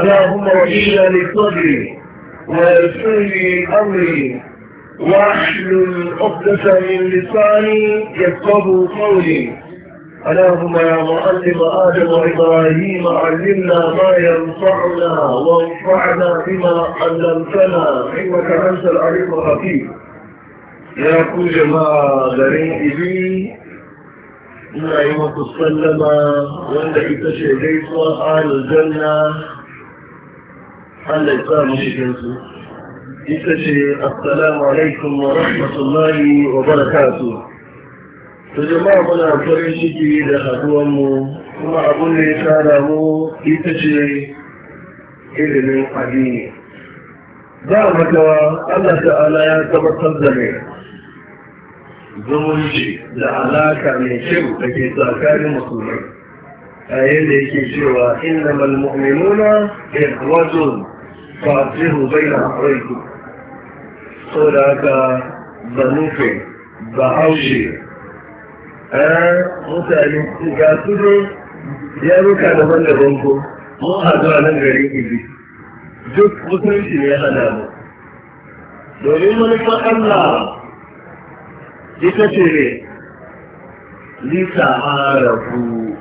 اللهم وإلا لصدري ويسر لي أمري واحلل عقدة من لساني يفقه قولي اللهم يا معلم آدم وإبراهيم علمنا ما ينفعنا وانفعنا بما علمتنا إنك أنت العليم الحكيم يا كل ما غرين بي إن أيها تسلم وإن إتشهديت اهل الجنة Allah ya sa mu cikin su ita ce assalamu alaikum wa rahmatullahi wa barakatuh to jama'a muna farin ciki da haduwan mu kuma abin da ya tara mu ita ce ilimin addini za a makawa Allah ta'ala ya tabbatar da mai zumunci da alaka mai kyau da ke tsakanin musulmai a yadda yake cewa innamal mu'minuna ikhwatun fasiru bai na raiku so da aka banufe ba haushe mutane ga su ne ya ruka daban daban ko mun haɗu a nan garin ibi duk ne ya domin Allah ita ce لتعارفوا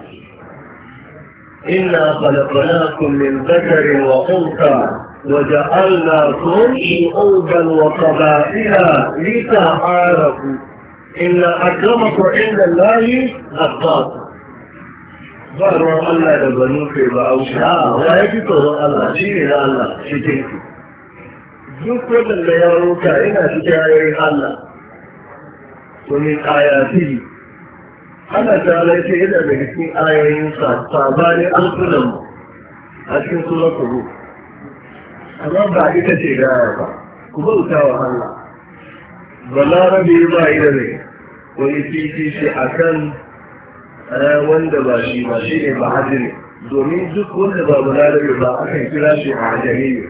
إنا خلقناكم من ذكر وأنثى وجعلناكم شعوبا وقبائل لتعارفوا ان اكرمكم عند الله اتقاكم بارو الله لبنو في بعوشا ويجتو الله شيء الى الله شتيك جوكو اللي يروك انا تجاري الله ومن اياته انا تعليت الى amma ba ita ce gaya ba ku bauta wa Allah balarabe ba yi da wani fifi shi a kan eh, wanda ba shi ba shi ne ba hajjiri domin duk wanda ba balarabe ba akan kira shi a hajjiri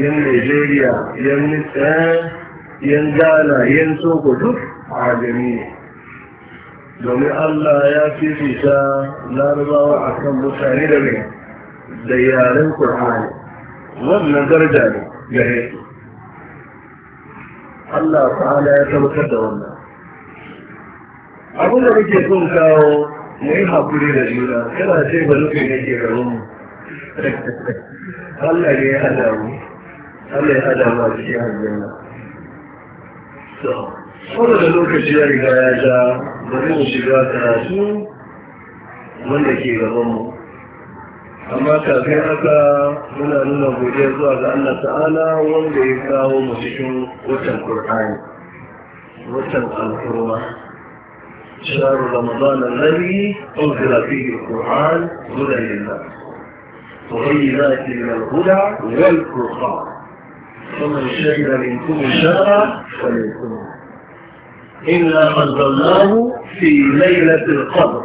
yan nigeria yan nisa yan ghana yan soko duk a hajjiri domin Allah ya fifita larabawa akan mutane da rai da yaren Kur'ani wannan daraja ne gare su Allah ta'ala ya tabbatar da wannan abin da muke son kawo mu yi haƙuri da juna kana ce ba nufin ne ke garin mu Allah ne ya hada mu Allah ya hada mu a cikin aljanna to wanda da lokaci ya riga ya ja bari mu shiga karatu wanda ke gabanmu. mu amma kafin haka muna nuna godiya zuwa ga Allah ta'ala wanda ya kawo mu cikin watan Qur'ani watan Al-Qur'an شهر رمضان الذي أنزل فيه القرآن هدى للناس وبينات من الهدى والفرقان فمن شهد منكم الشهر فليكن إنا أنزلناه في ليلة القدر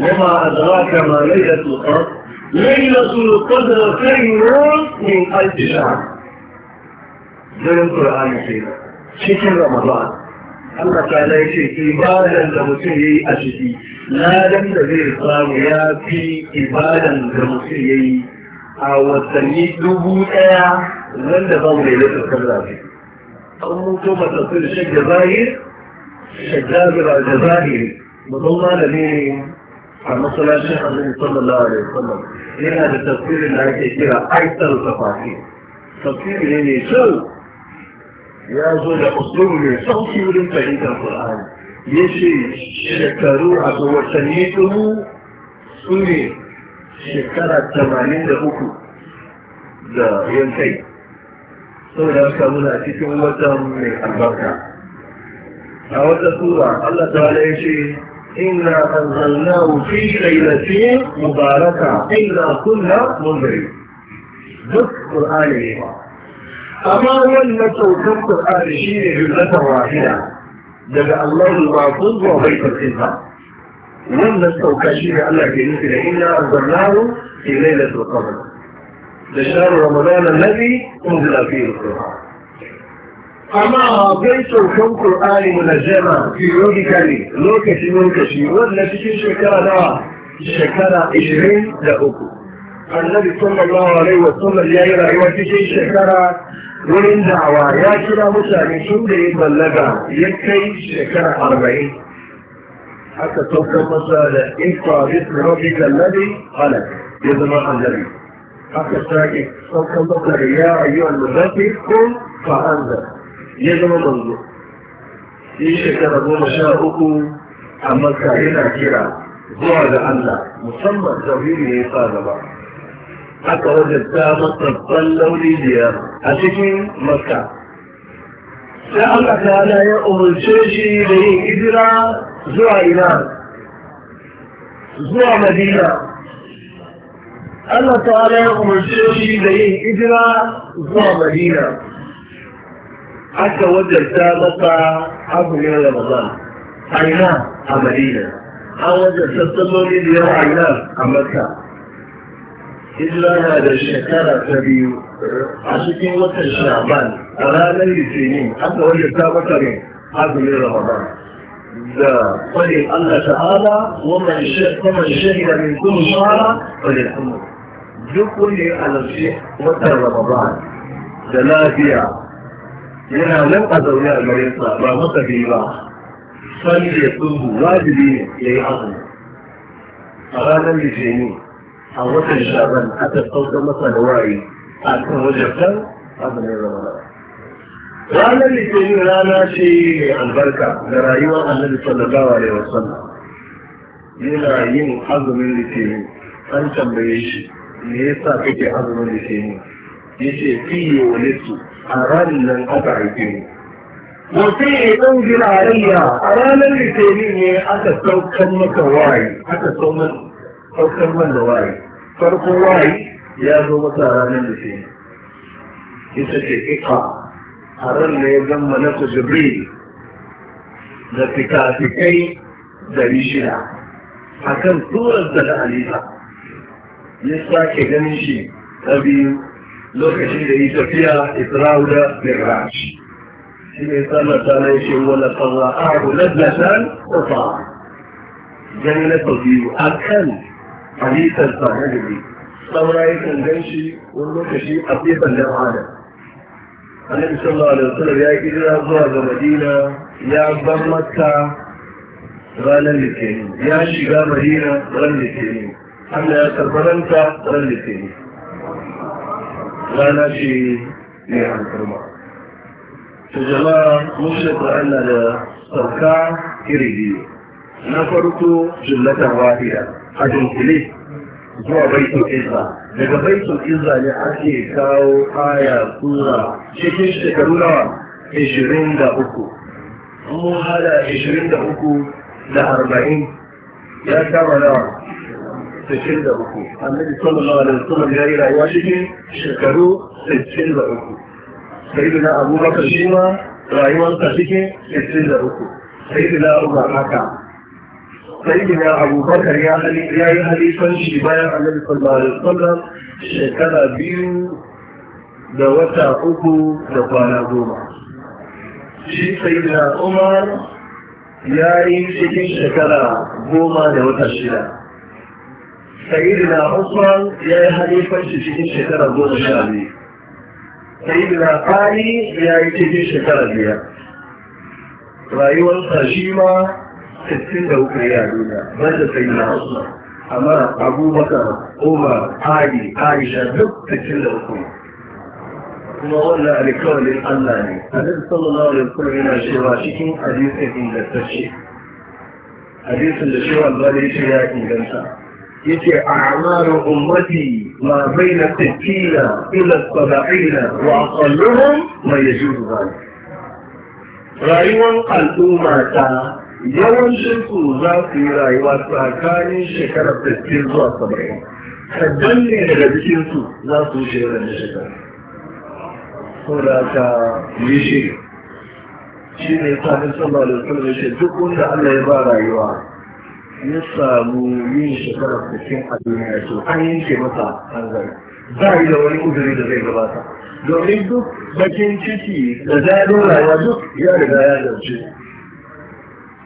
وما أدراك ما ليلة القدر ليلة القدر خير من ألف شهر زي القرآن الكريم. شيك رمضان الله كان يشيك إبادا لمسيء أشدي لا لم تزير صاويا في إبادا لمسيء أو السنية دبوتا لن تضم ليلة القدر خير أمو تصير شك جزائر شك جزائر جزائر مضمنا a masallacin annabi sallallahu alaihi wasallam yana da tafsirin da ake kira aitar tafafi tafsiri ne mai kyau ya zo da usulubu mai sauki wurin fahimtar qur'ani ya ce shekaru a ga watanni dubu su ne shekara tamanin da uku da yankai sau da aka muna cikin watan mai albarka a wata sura allah ta ya ce إنا أنزلناه في ليلة مباركة إلا كنا منذرين جزء القرآن أما أن توكل القرآن شيء جزء واحدة جزء الله الباطل وبيت الإنسان لم نستوكل شيء الله في نفسه إنا أنزلناه في ليلة القدر لشهر رمضان الذي أنزل فيه القرآن amma akwai saukan ƙur'ani munazzama periodically lokaci lokaci wanda cikin shekara nawa shekara ishirin da uku annabi sallallahu alaihi wa sallam ya yi rayuwa cikin shekara wurin da'awa ya kira mutane tun da ya ballaga ya kai shekara arba'in aka saukan masa da ikwa bisu rabbi kallari halak ya zama annabi aka sake saukan masa da ya ayyuan mudafi kun fa'anzar ya zama manzo shi shekara goma sha uku a makka yana kira zuwa ga Allah musamman zabiru ya sa gaba aka wajenta matsabban launi biyar a cikin makka sai Allah ta ya umarce shi da yin hijira zuwa ina zuwa madina Allah ta ya umarce shi da yin hijira zuwa madina aka wajarta masa azumin ramadan aina a madina an wajarta salloli biyar aina a makka illa na da shekara ta biyu a cikin watan shaban a ranar litinin aka wajarta masa ne azumin ramadan da kwanin allah ta'ala wannan shahida min kun shara kwanin hamdu duk wanda ya alamshi watan ramadan da lafiya yana nan a zaune a garinsa ba masa biyu ba sani ya tsubu wajibi ne ya yi azumi a ranar litini a watan shaban ta sauka masa da wayi a kan wajen wajabtar azumin ramadana ranar litini rana ce mai albarka da rayuwar annabi sallallahu alaihi wasallam yana yin azumin litini an tambaye shi me yasa kake azumin litini yace fiye wa litini a ranar nan aka haife ni wasu ya ɗauki alayya a ranar litinin ne aka saukan maka waye aka farko waye ya zo masa ranar litinin ita ce ika a ran ya gama na ku jibril da fikafikai dari shida a kan turar da halitta ya sake ganin shi ta biyu lokacin da yi tafiya isra'u da miraj shi ne sallar ta na yake wala falla ahu lazzatan kofa gani na tafiyu a kan halittar sahari saura yakan gan shi wani lokaci a fefan da adam annabi sallallahu alaihi wasallam ya kira zuwa ga madina ya bar makka ranar litinin ya shiga madina ranar litinin Allah ya karbaranta ranar litinin rana ce mai alfarma ta jama'a mun shafa ana da sauka iri biyu na farko jullatan wahiya a dunkule zuwa baitul izza daga baitul izza ne ake kawo aya kura cikin shekaru nawa ishirin da uku mun hada ishirin da uku da arba'in ya kama nawa 60 da uku ya yi rayuwa shekaru da uku abubakar shi ma rayuwarsa cikin 60 da uku umar haka sai da abubakar ya yi halifan shi bayan annabi sallallahu alaihi wasallam shekara biyu da wata uku da kwana goma shi sai da umar ya yi cikin shekara goma da wata shida سيدنا عثمان يا حليفة تشكين شكرا دون شعبي سيدنا علي يا تشكين شكرا بيا رأيوان خشيمة ستين دوك يا ماذا سيدنا عثمان أما أبو بكر عمر علي عائشة دوك ستين دوك kuma wannan alƙawarin Allah ne الله sallallahu alaihi wasallam yana cewa cikin hadisin ingantacce hadisin da shi wanda ya ce ya inganta يجي أعمار أمتي ما بين الستين إلى السبعين وأقلهم ما يجوز ذلك rayuwar al'umma ta yawancin su za su yi rayuwa tsakanin shekarar 60 zuwa 70 kadan ne daga cikin su za su wuce wannan shekara ta yi shi shi ne duk wanda Allah ya ba rayuwa ya samu yin shekarar cikin a duniya to an yanke masa hanzari a yi da wani uzuri da zai gabata domin duk bakin ciki da zaɗin rayuwa duk ya riga ya zarce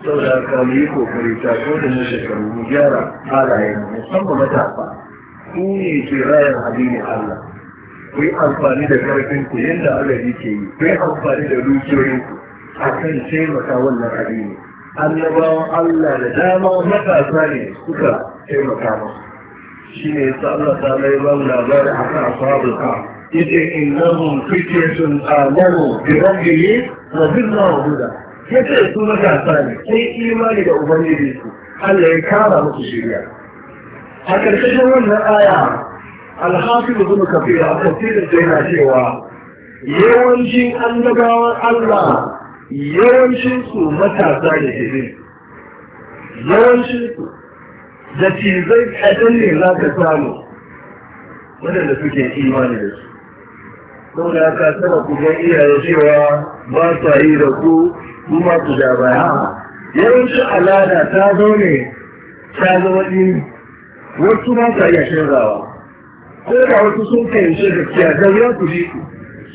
saboda da mu yi kokari ta ko da mu shekaru mu gyara halaye musamman matafa ku ne ke rayar addinin Allah ku yi amfani da karfin ku yadda Allah yake yi ku yi amfani da dukiyoyin ku akan taimaka wannan ne. annabawan Allah da dama matasa ne suka taimaka masa shi ne ta Allah ta mai ba mu labari akan ashabul ka yace innahum fityatun amanu na rabbihim wa guda. huda su matasa ne sai imani da ubangiji su Allah ya kara musu shirya. a ƙarƙashin wannan aya alhafiz ibn kafir a tafsirin da cewa yawancin annabawan Allah Yawancinsu matasa da jirin yawancinsu su da cizai kaɗan ne za ka samu waɗanda suke imani da su sau da aka tara ku iyaye cewa ba sa yi da ku kuma ku da baya yawancin alada ta zo ne ta zama waɗi wasu ba sa iya shirawa ko da wasu sun fahimci gaskiya ta ya ku ji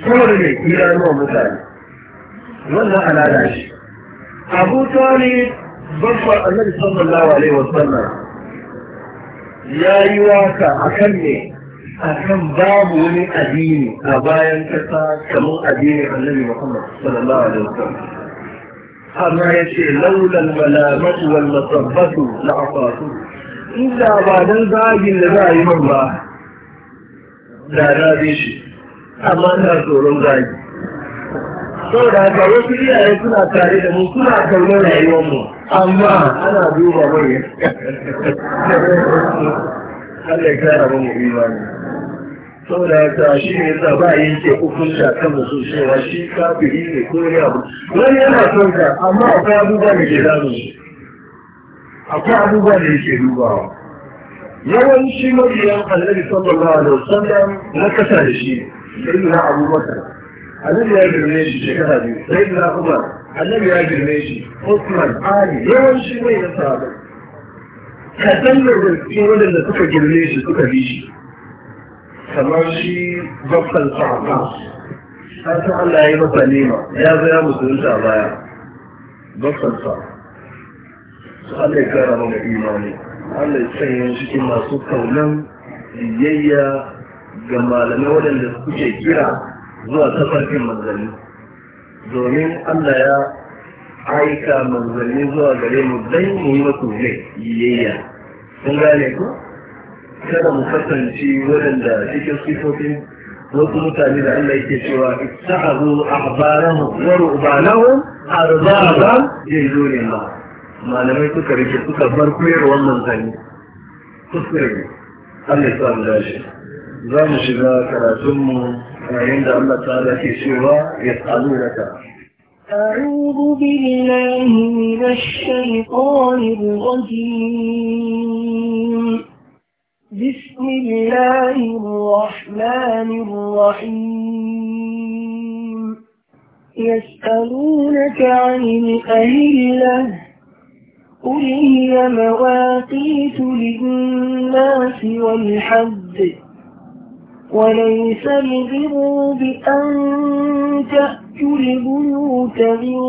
ku da mai kira mutane wannan alada shi abu talib babban annabi sallallahu alaihi wasallam ya yi waka a kan ne a kan babu wani addini a bayan kasa kamar addinin annabi muhammad sallallahu alaihi wasallam amma ya ce laulan malamatu wal masabbatu la afatu inda ba dan zagin da za a yi man ba da na shi amma ina tsoron zagi Sau da haka wasu iyaye suna tare da mu suna kaunar rayuwar mu amma ana duba mai Allah ya kara mu imani da haka shi ne yasa ba yin ke hukunta kan musu cewa shi kafiri ne ko ne abu wani yana son ka amma akwai abubuwa da ke damu akwai abubuwa da yake dubawa yawanci mabiyan annabi sallallahu alaihi wasallam na kasa da shi sai na abubakar annabi ya girme shi shekara biyu sai da umar annabi ya girme shi usman ali yawanci mai na Ka kadan da cikin waɗanda suka girme shi suka bi shi kamar shi bakkal sa'afa har san Allah ya yi masa nema ya zo ya musulunta a baya bakkal sa'afa Allah ya kara mana imani Allah ya sanya cikin masu kaunan biyayya ga malamai waɗanda suke kira zuwa tafarkin manzanni domin Allah ya aika manzanni zuwa gare mu dan mu yi ne biyayya Sun gane ku kada mu kasance waɗanda cikin sifofin wasu mutane da Allah yake cewa ta a ittahazu ahbarahum wa rubanahum arbaban min ba. malamai suka rike suka bar koyarwar manzanni kuskure ne Allah ya sa mu dace za mu shiga karatunmu عند الله سوى يسألونك أعوذ بالله من الشيطان الرجيم بسم الله الرحمن الرحيم يسألونك عن الأهلة قل هي مواقيت للناس والحد وليس البر بأن تأتوا البيوت من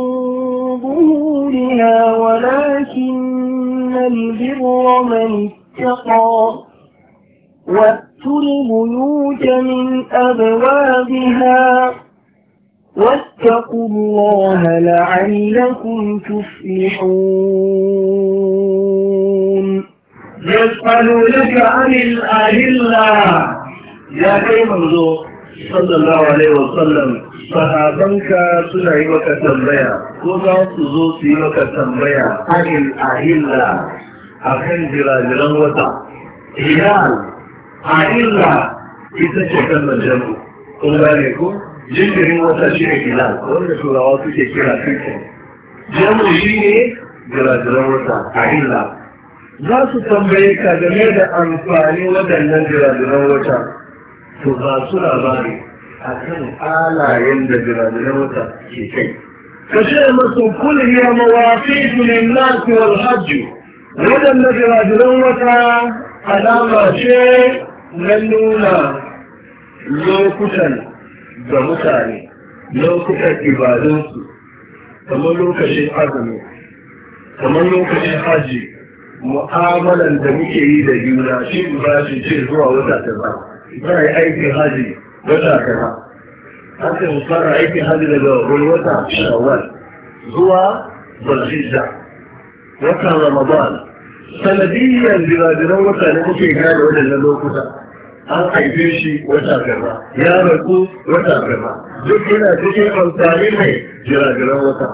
ظهورها ولكن البر من اتقى واتوا البيوت من أبوابها واتقوا الله لعلكم تفلحون يسأل لك عن الأهلة ya kai manzo sallallahu alaihi sallam sahabanka suna yi maka tambaya ko za su zo su yi maka tambaya anil ahilla akan jirajiran wata hilal ahilla ita ce kan jamu kun gane ko jinjirin wata shi ne hilal wanda turawa suke kira tuke jamu shi ne jirajiran wata ahilla za su tambaye ka game da amfani waɗannan jirajiran wata to ba su labari a kan alayen da jiragen wata ke kai Kashe masu masu kulhiya mawafi ne nasi wal hajji waɗanda jiragen wata alama ce na nuna lokutan da mutane lokutan ibadunsu kamar lokacin azumi kamar lokacin hajji mu'amalan da muke yi da juna shi ba shi ce zuwa wata ta zama. za a yi aikin haji wata kaza an mu fara aikin haji daga wani wata shawar zuwa zulhijja wata ramadan sanadiyyar jirajiran wata ne muke gane waɗannan lokuta an haife shi wata gaba. ya rasu wata gaba. duk yana cikin amfani mai jiragiran wata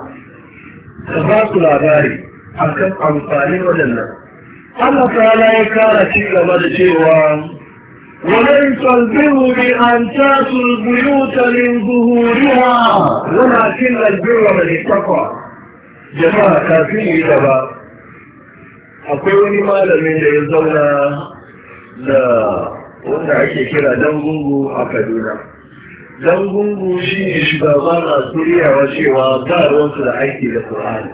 ka ba su labari A kan amfanin waɗannan Allah ta ya kara ci gaba da cewa ولن البر بأن تأتوا البيوت من ظهورها كل البر من التقوى جماعة كافية إذا akwai wani من da ya zauna da wanda ake kira dangungu a kaduna dangungu shi ne shugaban a turiyawa cewa ba ruwansu da aiki da ƙur'ani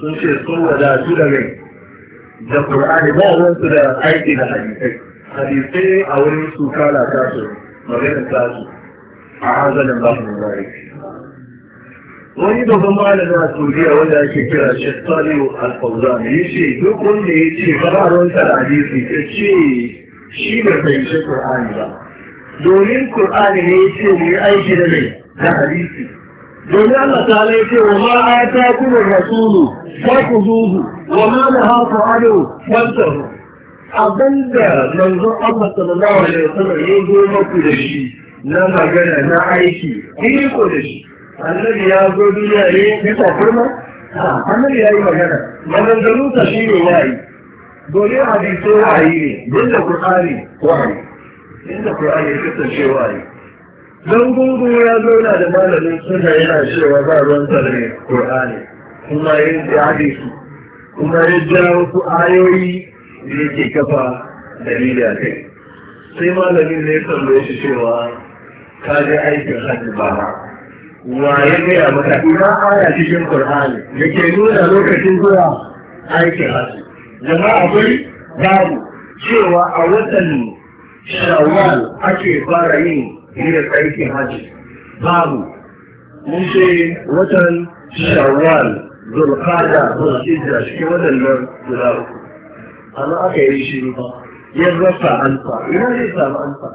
sun ce sun wadatu da mai da ƙur'ani ba da aiki da hadisai hadisai a wurin su kala ta su maganin ta su a hanzalin ba mu wani babban malamin a saudiya wanda ake kira shi salihu al-fawzan ya ce duk wanda ya ce fararun ta hadisi ta ce shi da bai shi Kur'ani ba domin Kur'ani ne ya ce mu yi aiki da mai da hadisi domin Allah ta lai ce wa ma ta kuma rasulu ku zuzu wa ma ado ban fantahu abin da manzon Allah sallallahu alaihi wasallam ya zo maku da shi na magana na aiki yi ko da shi annabi ya zo duniya ne ya tafirma annabi ya yi magana maganganu ta shi ne wayi dole hadisi yi ne inda qur'ani wayi inda qur'ani ya kasance wayi dan gungu ya zauna da malamin suna yana cewa ba ruwan sa ne qur'ani kuma yin hadisi kuma ya jawo su ayoyi da yake kafa dalili a kai sai malamin ne ya tambaye shi cewa ka ji aikin hajji ba wa ya gaya maka ina aya cikin Qur'ani da ke nuna lokacin zuwa aikin hajji jama'a akwai babu cewa a watan shawwal ake fara yin niyyar aikin hajji babu mun ce watan shawwal zulqa'da zulhijja cikin waɗannan guda uku amma aka yi shi ba ya rasa ansa ina zai samu ansa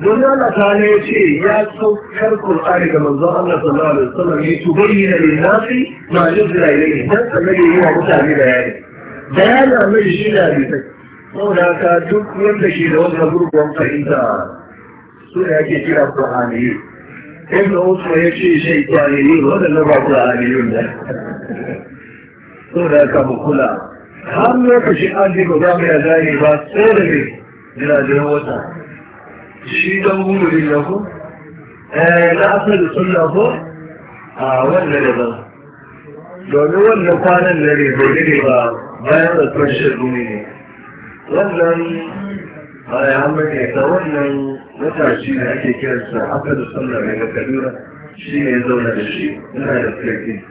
don Allah ta ne ce ya saukar Qur'ani ga manzon Allah sallallahu alaihi wasallam ya tubayyana na fi ma yuzra ilayhi dan sanin da yawa, mutane da yare. Bayana mai shi da bitai saboda haka duk wanda ke da wannan gurbin fahimta su ne ake kira Qur'ani Ibn Usman ya ce shaytani ne wadannan ba Qur'ani ne saboda haka mu kula har lokacin an ji ba mai azari ba tsere ne yana jiran wata shi don gudun na ku eh, na asali suna ku a wannan da ba domin wannan kwanan da ne bai ne ba bayan da kwanciyar duni ne wannan bayan hamadi ta wannan wata shi ne ake kiransa asali suna mai makalura shi ne ya zauna da shi yana da tsirki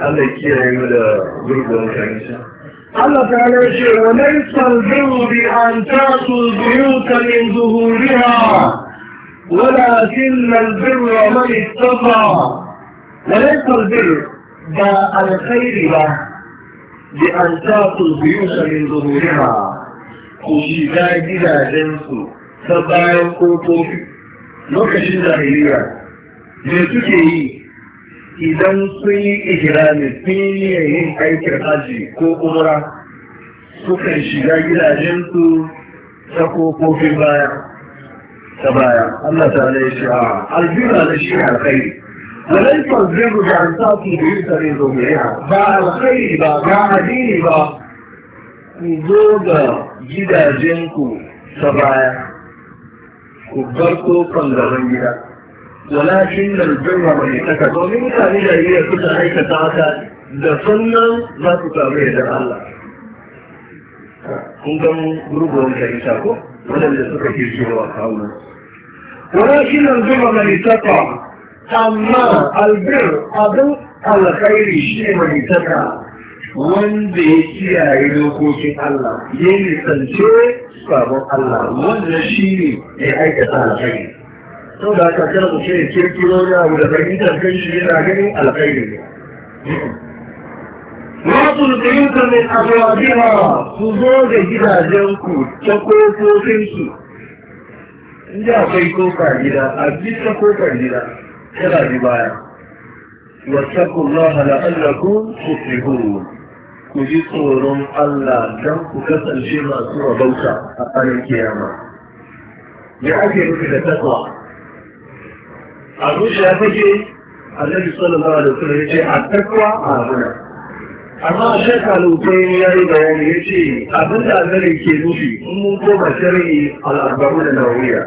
Allah kiyaye mu da gurgurun kanisa. الله تعالى يقول وليس البر بأن تعطوا البيوت من ظهورها ولكن البر من اتقى وليس البر ده الخير ده بأن تعطوا البيوت من ظهورها وشيكا جدا جنسو سبعين قوتو لو كشن ظاهرية ليتوكي idan sun yi ihrami sun yi yin aikin haji ko umra sukan shiga gidajen su ta kofofin baya ta baya Allah ta ne shi ah, a aljira da shi a kai walai zai da an sa da biyu tare da mai ba alkhairi ba ga addini ba ku zo ga gidajen ku ta baya ku bar kofan gaban gida ولكن البر من اتقى ومن كان الى كتا ايك تعتا da sannan za ku samu da Allah kun gan rubuwan da isa ko waɗanda suka ke cewa kawo ولكن البر من اتقى amma albir abin alkhairi shi mai taka wanda ya kiyaye dokokin Allah ya nisance sabon Allah wannan shi ne ya aikata alkhairi sau da aka kira mu ce kirkiro ya abu da fahimtar kan shi yana ganin alkhairi ne Wasu tsinka a abuwa su zo da gidajenku ta kofofin su. In ji akwai kofa gida, a ta kofar gida, yana bi baya. Wasu Allah la'allakum tuflihun. Ku ji tsoron Allah don ku kasance masu rabauta a tsarin kiyama. Ya ake nufi da takwa? a zuciya take annabi sallallahu alaihi wasallam yace at-taqwa amana amma shek al-usayn ya yi bayani yace abin da annabi ke nufi in mun koma shari'i al-arba'un an-nawawiyya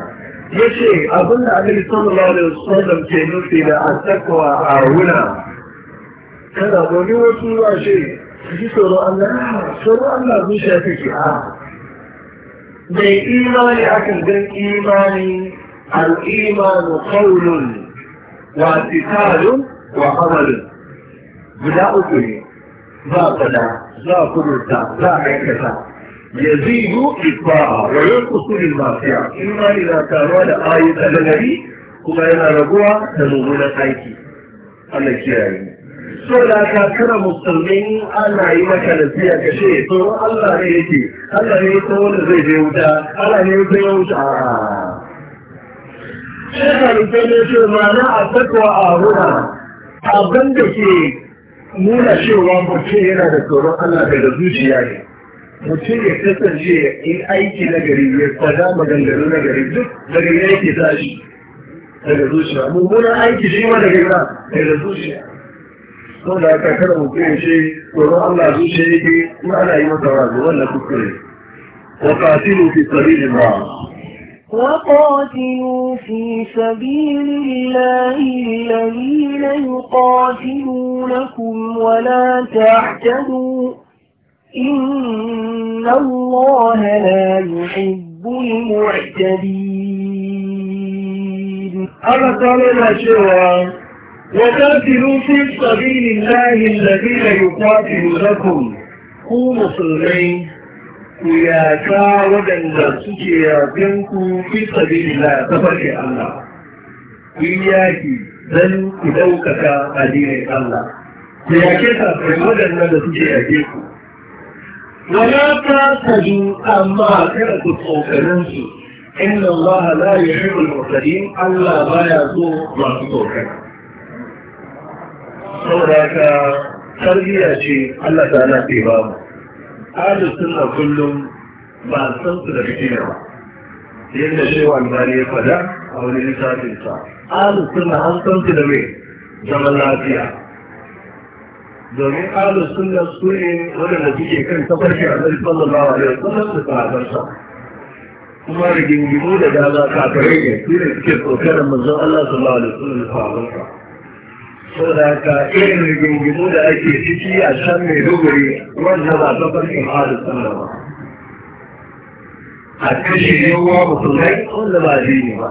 yace abin da annabi sallallahu alaihi wasallam ke nufi da at-taqwa amana kada wani wasu a ce ji tsoro Allah tsoro Allah zuciya take a mai imani akan gan imani al-imanu qawlun واعتقال وعمل guda uku ne za fada za kudurta za aikata ya zigo ikwa wa yin kusurin mafiya in ma yana taruwa da ayyuka na gari kuma yana raguwa da mummunan aiki Allah kiyaye so da ka kira musulmi ana yi maka nasiya ka ce to Allah ne yake Allah ne da zai wuta Allah ne wuta Yana da sai ne ce mana a takwa a huna abin da ke nuna cewa mutum yana da tsoron Allah daga zuciya ne. Mutum ya kasance in aiki na gari ya tsada maganganu na gari duk daga ya yake tashi daga zuciya. Mummunan aiki shi ma daga ina daga zuciya. Sau da aka kada mutum ya ce tsoron Allah zuciya yake kuma ana yi masa wazo wannan kuskure. Wa qatilu fi sabilillah وقاتلوا في سبيل الله الذين يقاتلونكم ولا تعتدوا إن الله لا يحب المعتدين أما قال شوى وقاتلوا في سبيل الله الذين يقاتلونكم قوموا صلين ku yaƙa waɗanda suke yaƙen ku fi sabilillah ta farke Allah ku yaƙi don ku ɗaukaka addinin Allah ku yaƙe kafirai waɗanda da suke yaƙe ku wala ta sadu amma kada ku tsokanin su inna Allah la yuhibbul mutadin Allah baya so masu tsokan. saboda ka tarbiyya ce Allah ta na ba mu ahli sunna kullum ba san su da kike ba yadda cewa bari ya fada a wani lissafin sa ahli sunna an san su da me zaman lafiya domin ahli sunna su ne wadanda suke kan tafarki a zai yau alaihi su da sahabarsa kuma rigingimu da dama kafirai ne su ne suke tsokarar manzon Allah sallallahu alaihi wasallam da sahabarsa saboda ka irin rigingimu da ake ciki a can mai dogori wanda ba ta ban in hada sallah ba a kashe yawa musulmai wanda ba dini ba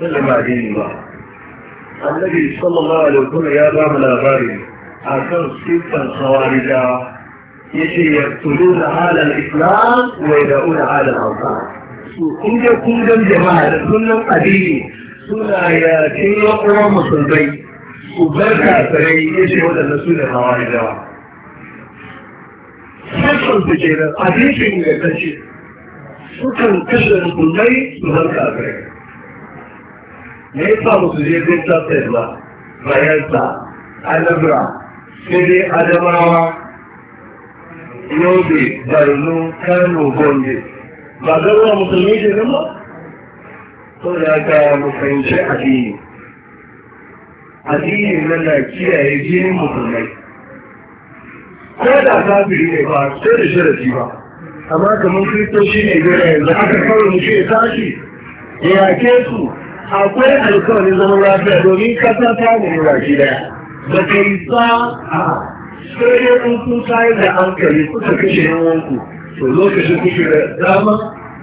wanda ba dini ba annabi sallallahu alaihi wasallam ya ba mu labari a kan sifan sawarija yace yaqtuluna ala al-islam wa yad'una ala al-awsan su kun ga kun ga jama'a da sunan addini suna yakin yakuwan musulmai ku bar kafirai ya ce waɗanda su da hawa da dawa sassan su ke nan a cikin ga kashe sukan kashe musulmai su barka kafirai me ya sa musu je zai tafiya ba bayansa alabra sai dai adamawa yobe barno kano gombe ba zama musulmi ke nan ba Ko da haka mu fahimci addini addini nan na kiyaye jinin musulmai ko da kafiri ne ba sai da sharafi ba amma kamar kristoci ne gora yanzu aka kawai mu ce tashi ya yake su akwai alkawarin zaman lafiya domin kasa ta ne baki daya da kai sa a sai dai in kun da hankali kuka kashe yawanku to lokacin kuke da dama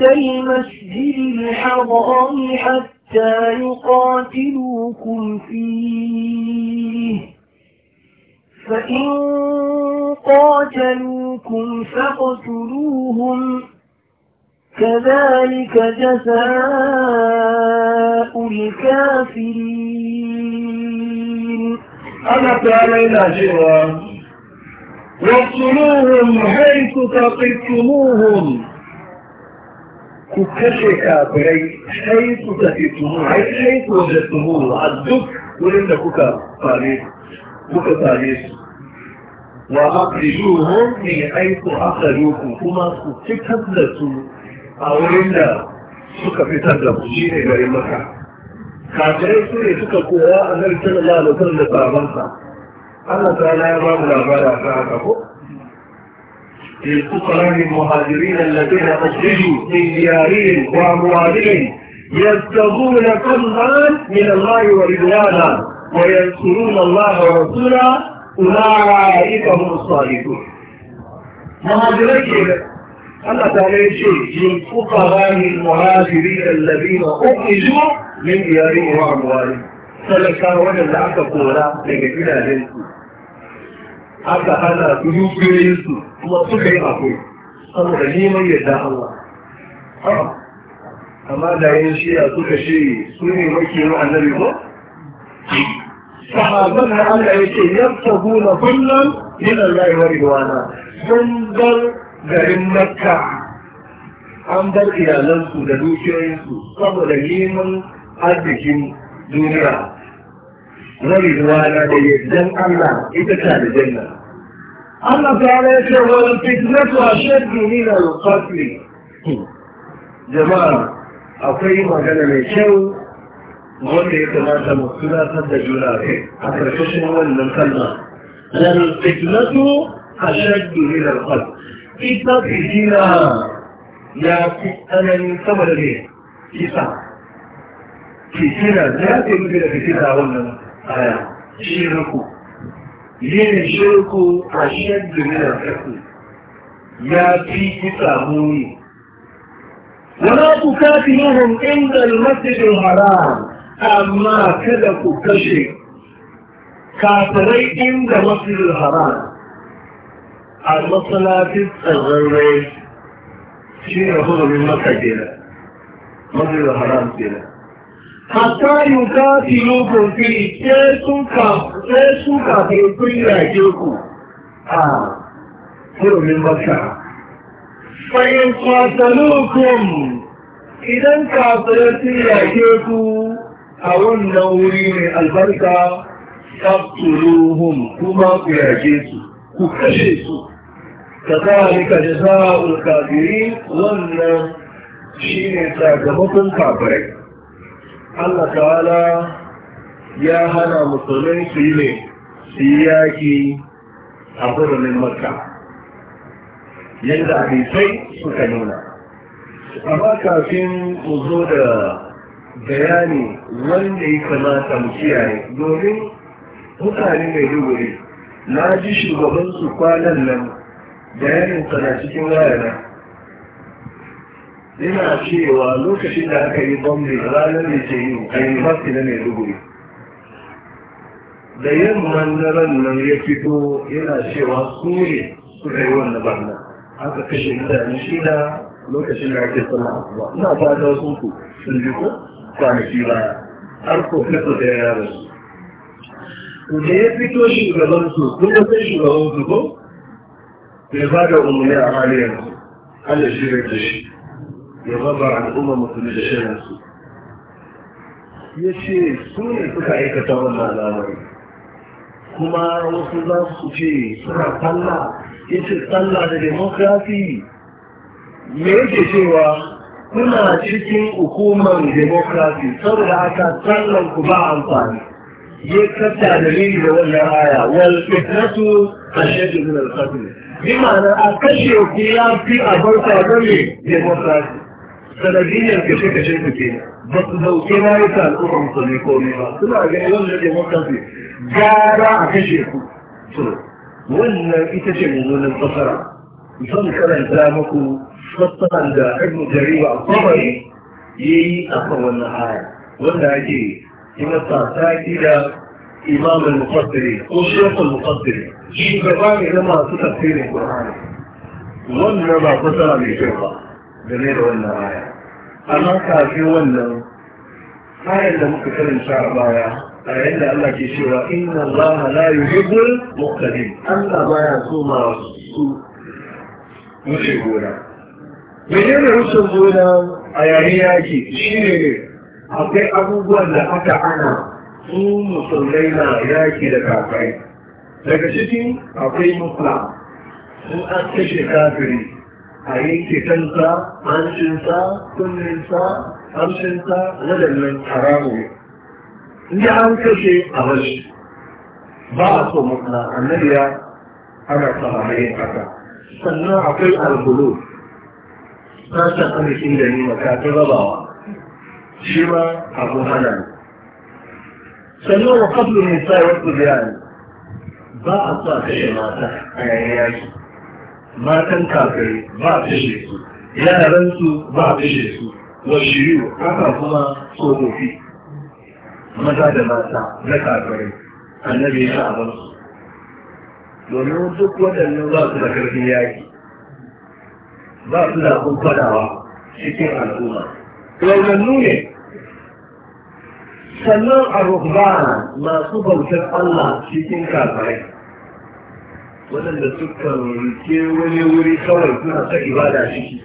مقتحمتا المسجد الحرام حتى يقاتلوكم فيه فإن قاتلوكم فاقتلوهم كذلك جزاء الكافرين أنا تعالينا جيران واقتلوهم حيث تقتلوهم ku kashe kafirai haitu ta fituhu haitu da tuhu a duk wurin da kuka same kuka same su wa aqrijuhum min haythu akhrajukum kuma ku fitar da su a wurin da suka fitar da ku shine garin maka kafirai su ne suka kowa a nan sallallahu alaihi wasallam da babansa. Allah ta'ala ya ba mu labara ta haka ko للفقراء المهاجرين الذين أخرجوا من ديارهم وأموالهم يبتغون فضلا من الله ورضوانا وينصرون الله ورسوله أولئك هم الصالحون مهاجرين الله تعالى يقول للفقراء المهاجرين الذين أخرجوا من ديارهم وأموالهم فلكا وجد لك قولا لكي لا aka hana su dukiyoyinsu kuma suka yi abu saboda neman yadda Allah amma da yin shiya suka shi su ne yi annabi ko sahabban na Allah ya ce yadda na kullum yin Allah ya wana. sun bar garin Makka an bar iyalansu da dukiyoyinsu saboda neman arzikin duniya ورضوانا ليجزن الله ya جنة الله تعالى يقول والفتنة أشد من القتل Jama'a akwai magana mai kyau. wanda ya kamata mu tunatar da juna ne a ƙarƙashin wannan kalma lal fitnatu ashaddu min al qalb ita fitina ya fi tsananin sama da ne kisa fitina ya ce muke da fitina wannan آه، شركوا لين شركوا أشد من الفكر يا في كتابوني ولا تكاتمهم عند المسجد الحرام أما كذا كشي كاتري عند المسجد الحرام أما صلاة hatta yi ta tilo kofi sai sun kafin kun ku a hurumin baka fa'in kwatalokun idan kafirai sun yage ku a wannan wuri mai albarka faktuluhum kuma ku yage su ka zalika jaza'ul kafirin wannan shine Allah ta'ala ya hana musulmai su yi ne su yi yaƙi a birnin makka yadda abisai suka nuna amma kafin mu zo da bayani wanda ya kamata mu kiyaye domin mutane mai dubure na ji shugabansu kwanan nan bayanin sana cikin wayana ina cewa lokacin da aka yi bombe ranar da ke yi a mafi na maiduguri da yamman na ran ya fito yana cewa su ne suka yi wannan barna aka kashe mutane shida lokacin da ake sallah asuba ina fata sun ku sun ji ko kwanaki baya har ko fito da yaran su da ya fito shugaban su kun ga sai shugaban su ko bai ba da umarni a halin yanzu Allah shi da shi ya raba al'umma musulmi da shirinsu ya ce su ne suka aikata wannan al'amari kuma wasu za su ce suna talla ya ce tsalla da demokrasi me yake cewa kuna cikin hukumar demokrasi saboda aka tallan ku ba amfani ya kasa da ne da wannan aya wal fitnatu ashadu min al-qatl bi ma'ana a kashe ku ya fi a barka da ne demokrasi sanadiyyar kashe-kashe suke, ba su dauke na rayuka al'ummar musulmi komai ba suna ga yawan da su. gara a kashe ku wannan ita ce mummunan fasara zan karanta muku fassaran da ibnu jariba al-tabari yayi a kan wannan aya wanda ake yi masa saki da imam al-mufassiri ko shaykh al-mufassiri shi gaba ne na masu tafsirin qur'ani wannan ba fasara mai kyau ba game da wannan aya amma kafin wannan ayar da muka karanta a baya a yayin da Allah ke cewa inna Allah la yuhibbul muqtadin Allah baya so masu wuce gona menene wucin gona a yayin yaki shine akwai abubuwan da aka ana su musulmai na yaki da kafai daga cikin akwai musla sun an kashe kafiri a yanke kanta, hancinsa kunninsa hancinsa, waɗannan haramu ne inda an kashe a bashi ba a so mutuna annabiya ana yin haka sannan akwai albulu sashen amincin da ni ta rabawa shi ma abu hana ne sannan wa kafin nisa wasu biya ne ba a sa kashe mata a yayin yaki matan kafirai ba a fishe su yaransu ba a fishe su wa shiriyu haka kuma tsofaffi maza da mata na kafirai annabi ya a su domin duk waɗannan ba su da karfin yaki ba su da abin fadawa cikin al'umma raunannu ne sannan a rukbana masu bautar Allah cikin kafirai waɗanda suka rike wani wuri kawai suna ta ibada shi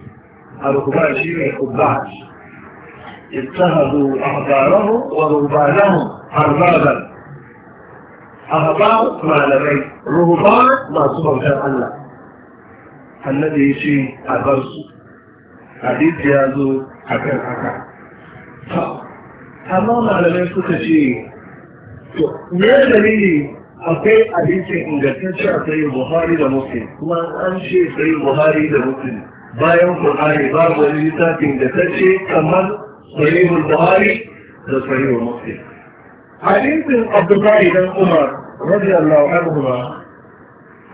a rukuba shi mai kubba ittahadu ahbarahu wa rubbanahu harbaban ahbar malamai rubba masu bautar Allah annabi shi abar su hadisi ya zo akan haka amma malamai suka ce to dalili akwai abincin ingantacce a sayi buhari da muslim kuma an ce sayi buhari da muslim bayan buhari babu wani littafin ingantacce kamar sahihul buhari da sahihul muslim hadisin abdullahi dan umar radiyallahu anhu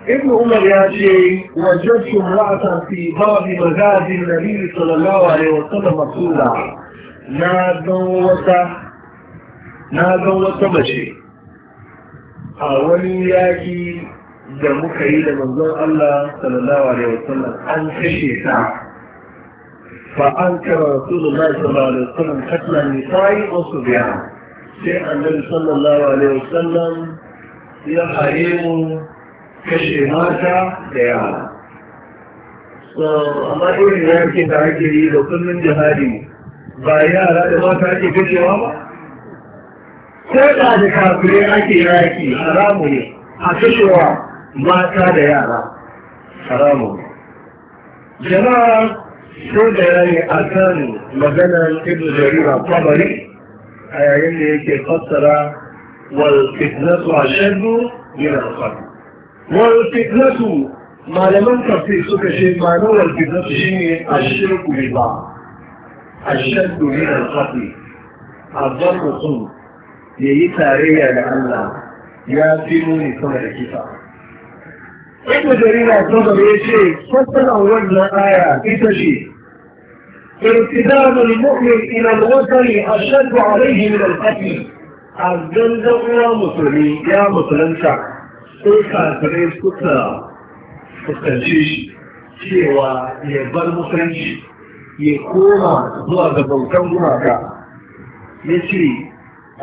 ابن عمر يا وجدت امرأة في بعض مزاد النبي صلى الله عليه وسلم مقصودا نادوا وتا نادوا وتا مشي a wani yaƙi da muka yi da manzon Allah sallallahu alaihi wasallam an kashe ta fa an kara rasulullahi sallallahu alaihi wasallam katlan nisa'i wa subyan sai annabi sallallahu alaihi wasallam ya hare mu kashe mata da yara so amma irin yakin da ake yi da kullum jihadi ba yara da mata ake kashewa ba Koda da kafirai ake yaki haramu ne, a kashewa mata da yara haramu ne. Jama'a sun da ya a kan maganar Ibn Jarira Kwamari a yayin da yake fassara wal fitnatu a shaddu yana faru. Wal fitnatu malaman tafsir suka ce ma'anar wal fitnatu ne a shirku ba. A shaddu yana faru. A mutum. ya yi tarayya da Allah ya fi muni sama da kisa. Ibn sun Sabar ya ce, fassara wannan aya ita ce, ارتدام المؤمن إلى الوطن a عليه من القتل. Azan zama musulmi ya musulunta, sai kafirai suka fuskanci shi cewa ya bar musulunci ya koma zuwa ga bautan gumaka. Ya ce,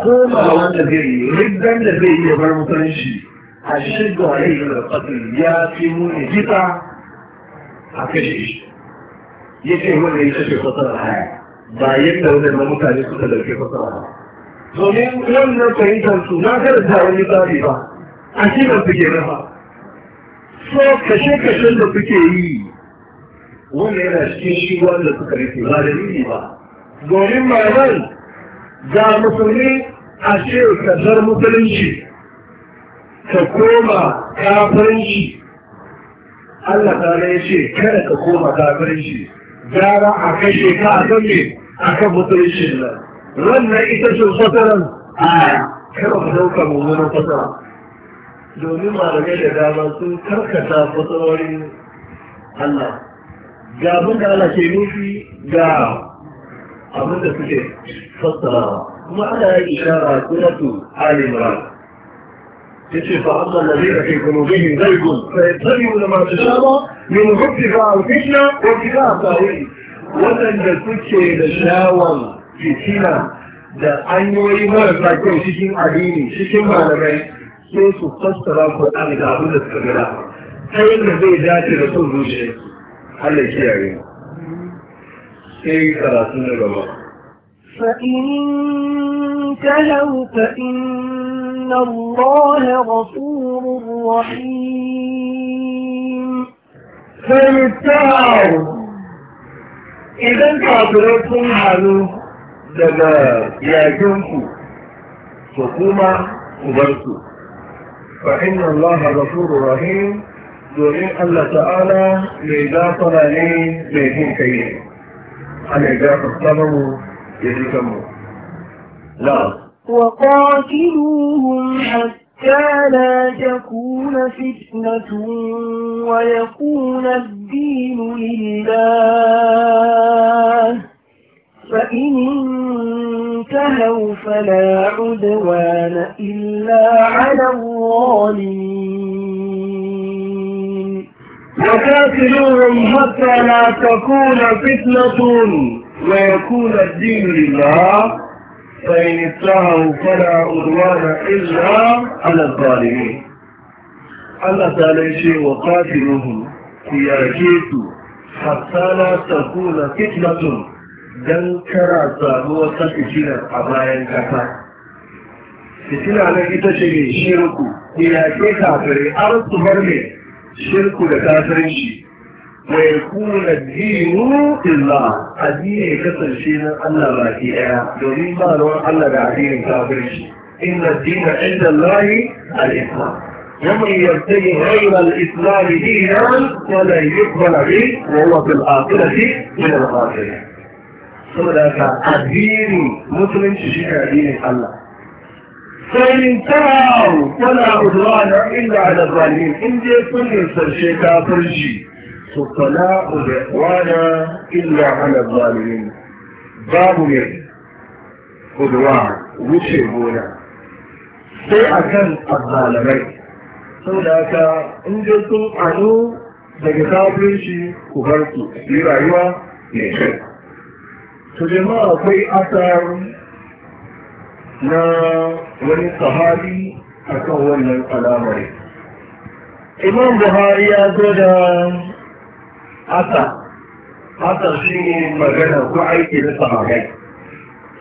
koma wanda zai yi rigdan da zai iya bar mutunci a shirga wani da fasil ya fi muni jika a kashe shi ya ce wanda ya kashe fasar haya ba yadda waɗanda mutane suka dauke fasar haya domin wannan fahimtar su na karanta wani tsari ba a cikin suke nafa so kashe-kashen da suke yi wannan yana cikin shi wanda suka rike ba da ba domin malaman ga musulmi a ce ka zar musulunci ka koma kafirinci Allah ta ya ce kada ka koma kafirinci gara a kashe ka a kan me a kan musulunci nan wannan ita ce fasaran a kama ka ɗauka mummunan fasara domin malamai da dama sun karkata fasarorin Allah ga abin da Allah ke nufi ga Abinda suke fassarawa kuma ana yi ishara suratu ali imran yace fa amma alladhina fi qulubihim zaygun fa yattabi'una ma tashaba a hubbiha ko fitna wa ibtigha ta'wil wadanda suke da shawan fitina da hanyoyi marasa kyau cikin adini, cikin malamai sai su fassara Qur'ani da abinda suka gada ta yadda zai dace da son zuciya Allah ya kiyaye mu Idan kafirai sun hannu daga yakinku, su kuma ubarsu, fa inna Allah a rasuru domin Allah ta'ala mai zafara ne mai hinkai ne. أن إذا اصطبروا يدركهم نعم وقاتلوهم حتى لا تكون فتنة ويكون الدين لله فإن انتهوا فلا عدوان إلا على الظالمين وقاتلوهم حتى لا تكون فتنة ويكون الدين لله فإن اتهوا فلا عدوان إلا على الظالمين Allah ta laishe wa kafirun ku yake su hatta la takuna fitnatun dan kara samu wata fitina a bayan kasa fitina na ita ce ne shirku ku yake kafirai har su bar ne شرك لكافرش ويكون الدين لله الدين يكسر شينا ألا باكي دومين قالوا ألا بعدين كافرش إن الدين عند الله الإسلام ومن يبتدي غير الإسلام دينا فلا يقبل به وهو في الآخرة من الغافلين صدق الدين مسلم شيخ دين الله sai tarawo wani abuwa na inda a labari inda ya kunin sarshe kafirci su kwana abuwa na inda a babu ne abuwa wuce gona sai a kan abalamai sau da aka inda sun anu daga kafirci ku bar su yi rayuwa ne shi su jama'a akwai asarar na wani sahabi a kan wannan al'amari imam buhari ya zo da asa asa shi ne magana ko aiki na sahabai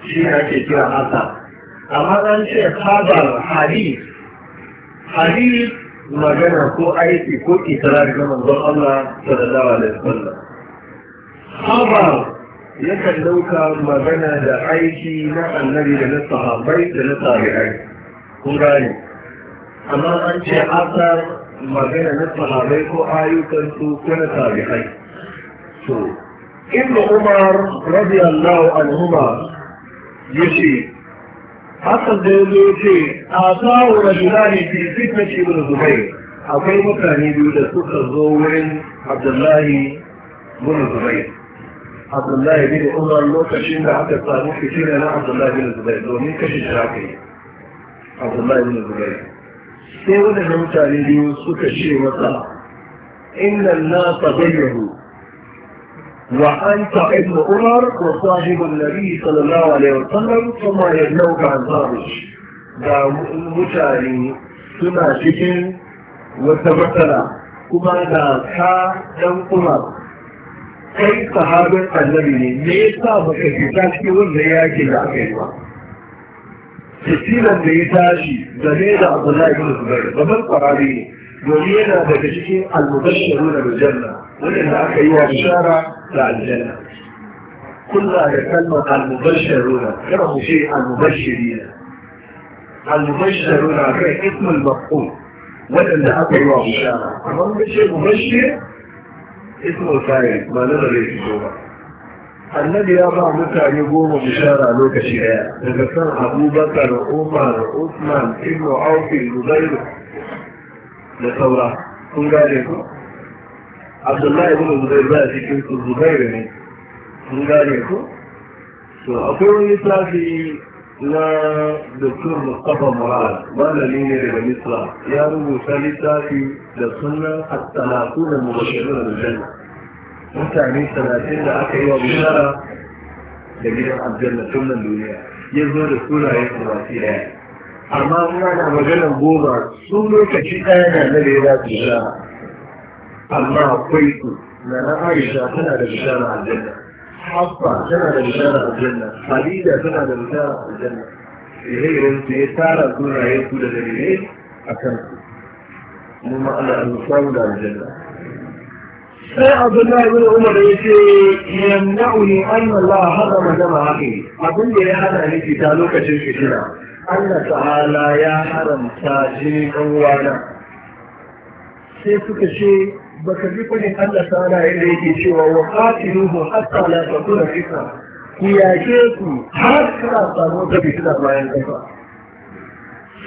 shi ne ake kira asa amma an ce habar hadis hadis magana ko aiki ko isra ga manzon Allah sallallahu alaihi wasallam habar yakan ɗauka magana da aiki na annabi da na sahabai da na tabi'ai kun gane amma an ce asar magana na sahabai ko ayyukansu ko na tabi'ai to ibn umar radiyallahu anhuma yace hakan da yazo yace asahu rajulani fi fitnati ibn zubair akwai mutane biyu da suka zo wurin abdullahi ibn zubair abdullahi bin umar lokacin da aka samu fitina na abdullahi bin zubair domin kashe shi aka yi abdullahi bin zubair sai waɗannan mutane biyu suka ce masa inna nasa bayyahu وأنت ابن عمر وصاحب النبي صلى الله عليه وسلم ثم يبلوك عن ذلك دا mutane suna cikin wata matsala kuma da ka dan کئی صحابہ قلبی نے نیتا وقتی تاکی و ریا کی لاکھے ہوا سسیلہ نیتا جی زمید عبداللہ ابن زبر ومن قرآنی ولینا بجشی المبشرون بجنہ ولینا کئی اشارا لعجنہ كلها تكلم المبشرون كره شيء المبشرين المبشرون كاسم المفقود ولا اللي اعطى الله بشاره المبشر مبشر ismu sa'i ba na da zai fito ba annabi ya ba mutane goma bishara lokaci daya daga san abubakar umar usman ibnu aufi zubairu da saura kun gane ku abdullahi ibn zubair ba cikin su zubairu ne kun gane ku to akwai wani tafi na Dr. Mustapha Murad malami ne daga Misra ya rubuta littafi da sunan As-Salatu da Mubashirin Aljanna mutane talatin da aka yi wa bishara da gidan aljanna tun nan duniya ya zo da sunayen kurasi daya amma muna da maganar goma sun lokaci ɗaya na na da ya za su amma akwai su na na aisha tana da bishara aljanna حفصة سنة لرسالة الجنة خديجة سنة لرسالة الجنة هي رمسي يتارى دون يكون دليلين أكمل مما أنا المساولة الجنة sai abdullahi bin umar ya ce yamna'uni an Allah hada magana haƙi abin ya hada ni fita lokacin fitina Allah ta'ala ya haramta jinin ɗan wana sai suka baka ji kudin Allah ta'ala yadda yake cewa wa qatiluhu hatta la takuna fitna ku yake ku har kana samu ta fitna bayan kafa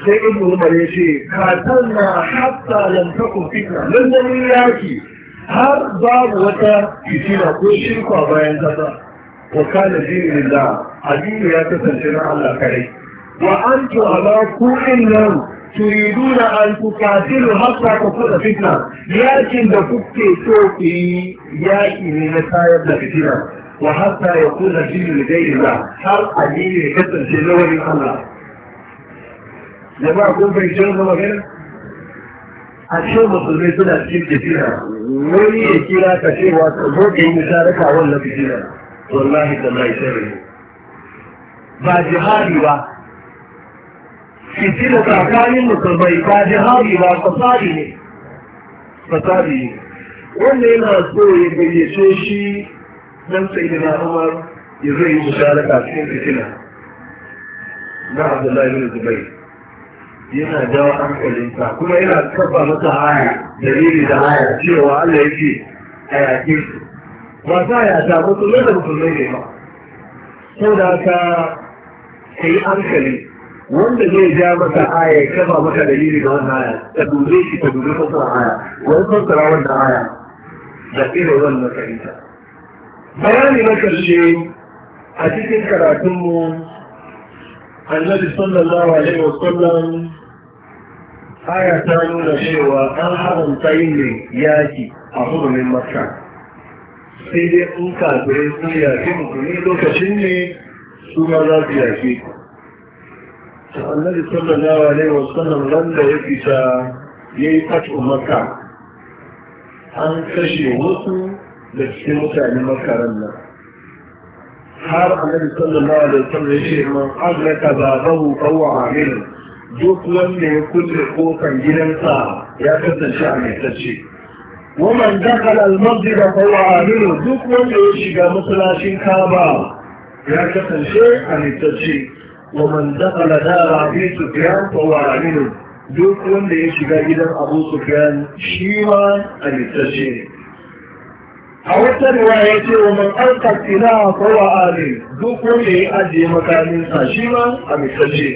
sai ibnu umar ya ce qatalna hatta lam takun fitna mun yi yaki har babu wata fitina ko shirka bayan kafa wa kana dinillah addini ya kasance na Allah kare wa antu ala kullin nan turiduna an tukatilu hatta ta kuɗa fitna yakin da kuke so ku yaki ne na tayar da fitina wa hatta ya kuna jini da illa har addini ya kasance na wani Allah jama'a kun fahimci wannan magana a cikin musulmi suna cikin fitina wani ya kira ka wannan wallahi ba jihadi ba fitina tsakanin musulmai ta ji hari fasari ne fasari wanda yana so ya gayyace shi nan sai na umar zai yi musharaka cikin fitina na abdullahi bin zubair yana jawo hankalinsa kuma yana kafa masa haya dalili da haya cewa allah yake a yakin su ta musulmai da musulmai ne ba sau da ka kai hankali wanda zai ja maka aya ya kafa maka dalili da wannan aya ta dube shi ta dube fassara aya wani fassara wannan aya da irin wannan fahimta bayani na karshe a cikin karatunmu annabi sallallahu alaihi wasallam aya ta nuna cewa an haramta yin ne yaki a hurumin makka sai dai in kafirai sun yaƙi musulmi lokacin ne su ma za su yaƙi annabi sallallahu alaihi wasallam wanda ya fita ya yi fatu maka an kashe wasu da cikin mutane makarar nan har annabi sallallahu alaihi wasallam ya ce man azraka babahu qawwa amil duk wanda ya kulle kofar gidansa ya kasance a mai tace ومن دخل المسجد فهو عامل duk wanda ya shiga masallacin kaba ya kasance a mai tace ومن دخل دار أبي سفيان فهو عامل duk wanda ya shiga gidan abu su sufyan shi ma a littace ne a wata ruwa ya ce wa man alka ila kowa ali duk wanda ya ajiye makaminsa shi ma a littace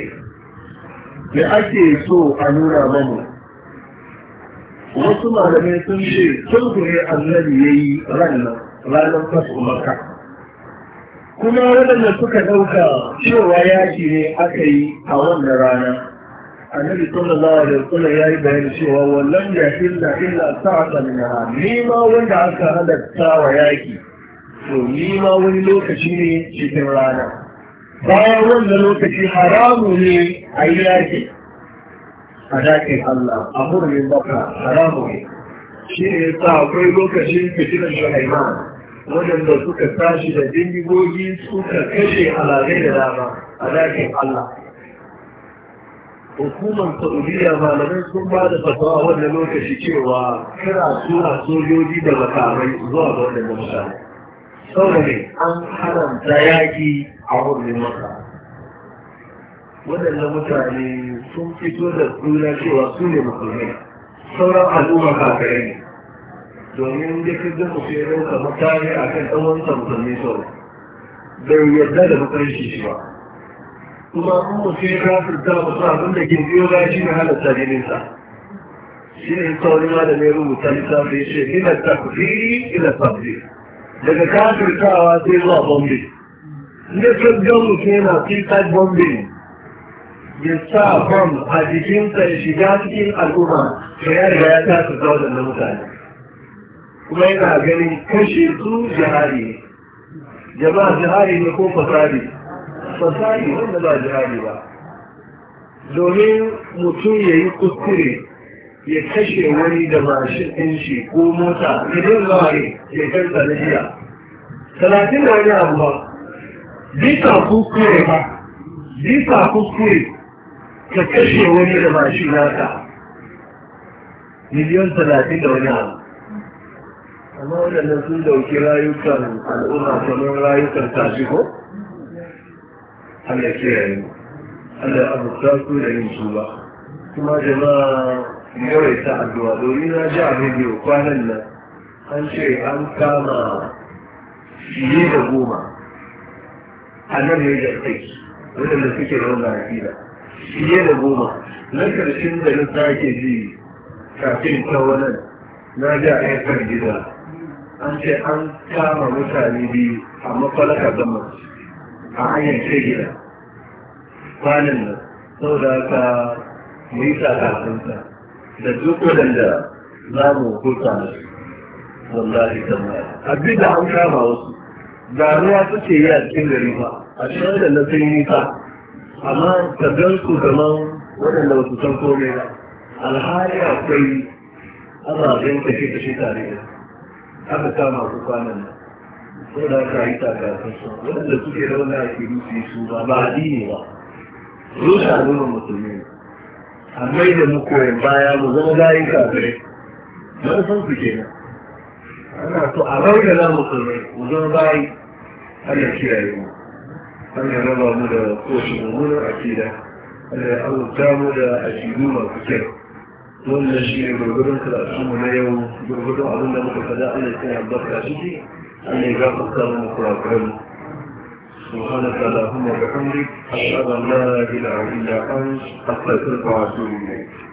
Me da ake so a nuna mamu wasu malamai sun ce sun annabi ya yi ranar ranar fasu maka kuma waɗanda suka ɗauka cewa ce ne aka yi a wannan rana annabi sallallahu alaihi wasallam ya yi bayani cewa wallan ya illa illa sa'ata min ni ma wanda aka halatta wa yaki. to ni ma wani lokaci ne cikin rana bayan wannan lokaci haramu ne a yi yaki. a dakin Allah a hurumin baka haramu ne shi ne sa akwai lokacin fitinan shahaiman waɗanda suka tashi da dindigogi suka kashe alagai da dama a dakin Allah. Hukumar Saudiya malamai sun ba da fatawa wannan lokaci cewa kira tura sojoji da makamai zuwa ga waɗanda mutane. ne an haramta yaƙi a wurin maka. Wadanda mutane sun fito da suna cewa su ne musulmai. Sauran al'umma kafirai ne. domin ya fi zan mutu ya dauka makari a kan ɗanwansa musulmi sau bai yadda da mutunci shi ba kuma in sai ya kafirta mutu abin da ke biyo ba shi ne halatta jininsa shi ne sauri ma da mai rubuta lissafi shi ila takfiri ila takfiri daga kafirtawa sai zuwa bombe ne sun gan mutu yana suicide bombing ya sa bom a jikinsa ya shiga cikin al'umma da ya riga ya kasa zaune na mutane kuma yana ganin kashe su jihari jama'a jihari ne ko fasari fasari wanda ba jihari ba domin mutum ya yi kuskure ya kashe wani da mashin ɗin shi ko mota idan lawari ya na jiya. talatin da wani abu ba bisa kuskure ba bisa kuskure ka kashe wani da mashin nata miliyan talatin da wani abu amma waɗannan sun dauki rayukan al'umma kamar rayukan tafi ko Allah kiyaye Allah abuta su da yin su ba kuma jama'a yawaita addu'a domin na ji a rediyo kwanan nan an ce an kama fiye da goma a nan ne da kai waɗanda suke da wannan akida fiye da goma na ƙarshen da na sake ji kafin ta wannan na ji a yankan gida an ce an kama mutane biyu a mafalaka gama a hanyar ce gida kwanan nan sau da ka yi sakakunta da duk wadanda za mu hulta da su wallahi a duk da an kama wasu da ruwa suke yi a cikin gari ba a cikin da na sun yi ta amma ka gan su zaman waɗanda wasu san komai ba alhali akwai ababen kashe-kashe tare da aka kama su kwanan nan sai da aka yi takafin su wanda suke da wani ake rufe su ba ba addini ba rusa zuwa musulmi a mai da mu koyan baya mu zama gayin kafirai don san su kenan ana to a rauya na musulmi mu zama bayi ana kiyaye mu Allah raba mu da kowace mummunar akida ana yi abubuwa mu da akidu masu kyau wannan shi ne gurgudun karatunmu na yau gurgudun abin da muka fada Allah ya sanya barka ciki Allah ya gafarta mana kurakuran سبحانك اللهم وبحمدك أشهد أن لا إله إلا أنت أستغفرك وأتوب ne.